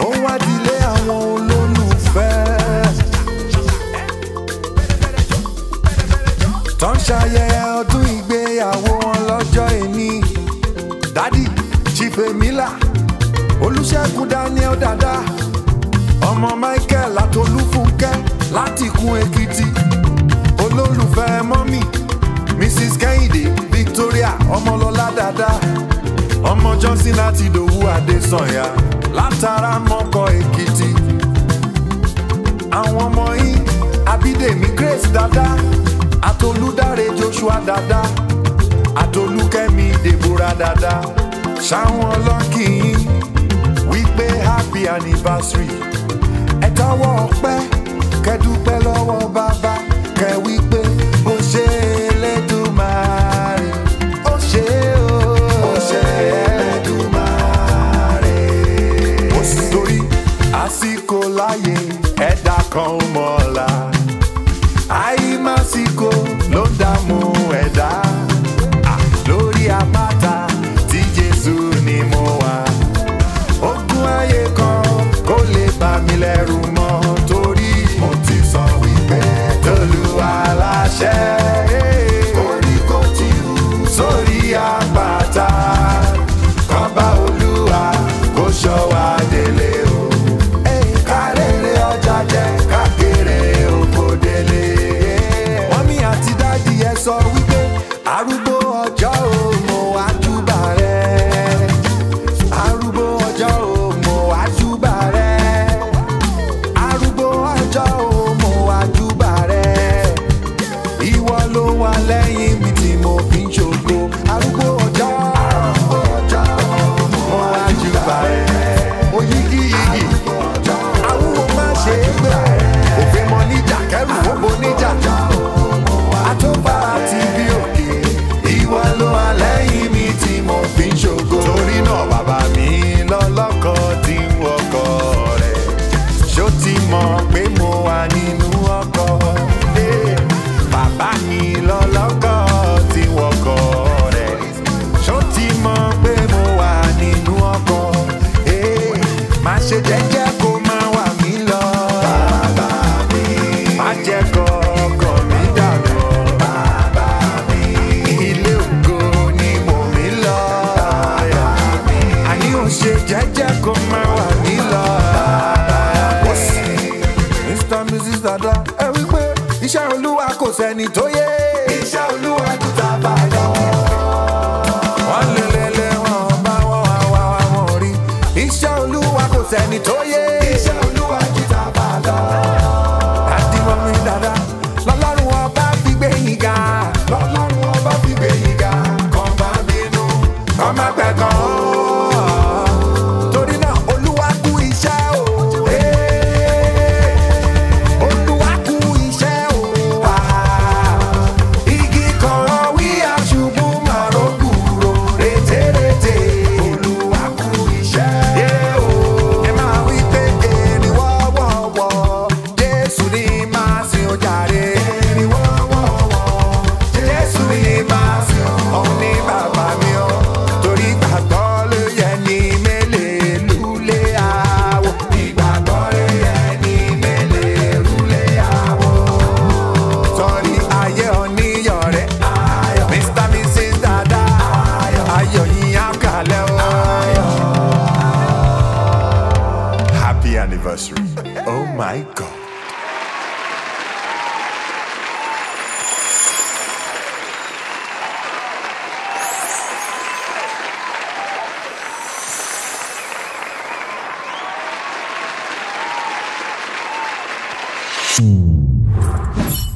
ó wá dilé àwọn olólùfẹ́. tó ń ṣayẹyẹ ọdún ìgbéyàwó wọn lọ́jọ́ ìní dádì chifemila olùṣègùn daniel dada ọmọ michael àtolúfúnkẹ́ láti kun èkìtì olólùfẹ́ mọ́mì mrs kẹ́hìndé victoria ọmọlọ́lá dada ọmọ johnson àti ìdòwú adésànyà látara mọ́kọ èkìtì àwọn ọmọ yìí abídèmí grace dada àtolúdáre joshua dada àtolúkẹ́mi deborah dada ṣáwọn ọlọ́kì yín wípé happy anniversary ẹ táwọ́ ọpẹ́. àsìkò láyé ẹ̀dá kan ò mọ̀ ọ̀la àìmásìkò ló ń dààmú ẹ̀dá. arúgbó. sẹ́ni tó yé. iṣẹ́ olúwa ti ta bàdàn. wọ́n lé lẹ́lẹ́ wọn bá wọn wá wá rí. iṣẹ́ olúwa kò sẹ́ni tó yé. anniversary. Oh my God. you